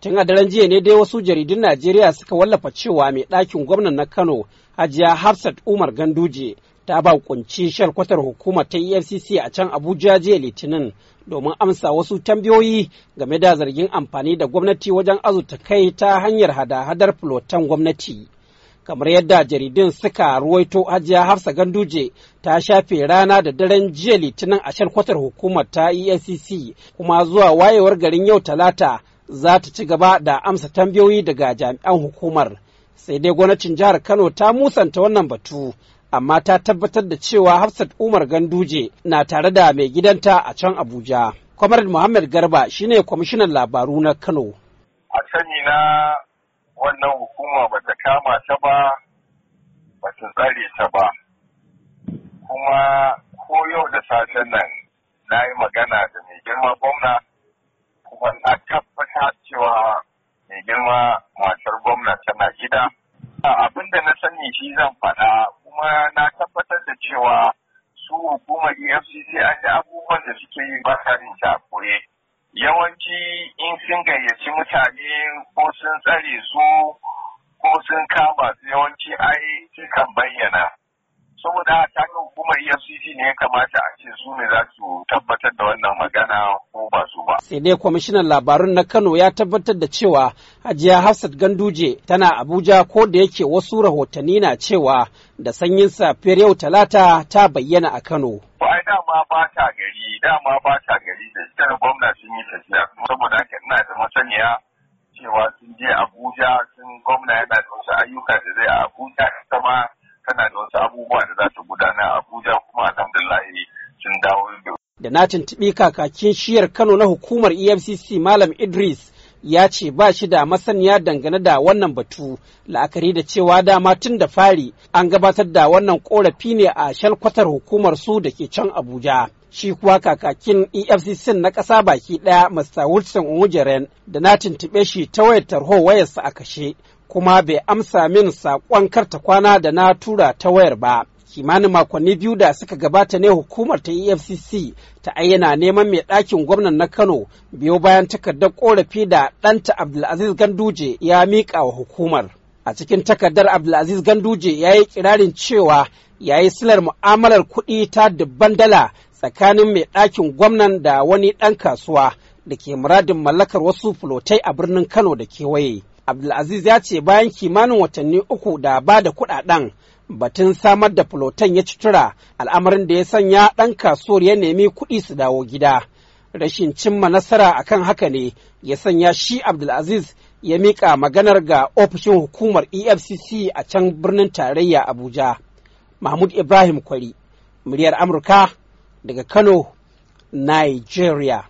tun a daren jiya ne dai wasu jaridun najeriya suka wallafa cewa mai ɗakin gwamnan na kano hajiya hafsat umar ganduje ta ba kunci kwatar hukumar ta efcc a can abuja jiya litinin domin amsa wasu tambayoyi game da zargin amfani da gwamnati wajen azuta kai ta hanyar hada-hadar fulotan gwamnati kamar yadda jaridun suka ruwaito hajiya hafsa ganduje ta shafe rana da daren jiya litinin a kwatar hukumar ta efcc kuma zuwa wayewar garin yau talata za ta ci gaba da amsa tambayoyi daga jami'an hukumar sai dai gwamnatin jihar kano ta musanta wannan batu amma ta tabbatar da cewa hafsat umar ganduje na tare da mai gidanta a can abuja comrade muhammad garba shine kwamishinan labaru na kano a sani na wannan hukuma ba ta kama ta ba ba ta tsare ta ba kuma ko yau da safen nan na yi magana da mai girma gwamna kuma na cewa mai girma matar gwamna tana gida. Abin da na sani shi zan faɗa kuma na tabbatar da cewa su hukumar EFCC an yi abubuwan da suke yi ba sa yin koye. Yawanci in sun gayyaci mutane ko sun tsare su ko sun kama su yawanci ai sukan bayyana. Saboda ta hukumar EFCC ne ya kamata a ce su ne za su tabbatar da wannan magana ba. Sai dai kwamishinan labarun na Kano ya tabbatar da cewa Hajiya Hafsat Ganduje tana Abuja ko da yake wasu rahotanni na cewa da sanyin safiyar yau Talata ta bayyana a Kano. Ai dama ba ta gari, dama ba ta gari da ita gwamna sun yi tafiya saboda haka ina da masaniya cewa sun je Abuja sun gwamna yana da wasu ayyuka da zai a Abuja sama tana da wasu abubuwa da za su gudana a Abuja kuma alhamdulillah sun dawo Da na tuntuɓi kakakin shiyar Kano na hukumar EFCC Malam Idris ya ce ba shi da masaniya dangane da wannan batu la'akari da cewa dama tun da fari an gabatar da wannan korafi ne a shalkwatar hukumar su da ke can Abuja. Shi kuwa kakakin EFCC na ƙasa baki ɗaya Mr. Wilson ujeren da na tuntuɓe shi ta wayar tarho wayarsa a kashe kuma bai amsa min saƙon karta kwana da na tura ta wayar ba. kimanin makonni biyu da suka gabata ne hukumar ta efcc ta ayyana neman mai ɗakin gwamnan na kano biyo bayan takardar korafi da ɗanta abdulaziz ganduje ya miƙa wa hukumar a cikin takardar abdulaziz ganduje ya yi kirarin cewa ya yi silar mu'amalar kuɗi ta dubban dala tsakanin mai ɗakin gwamnan da wani ɗan kasuwa da ke muradin mallakar wasu fulotai a birnin kano da kewaye abdulaziz ya ce bayan kimanin watanni uku da ba da kuɗaɗen batun samar da fulotan ya cutura, al'amarin da ya sanya ɗan kasuwar ya nemi kuɗi su dawo gida rashin cimma nasara akan haka ne ya sanya shi abdulaziz ya miƙa maganar ga ofishin hukumar efcc a can birnin tarayya abuja mahmud ibrahim kwari muryar amurka daga kano nigeria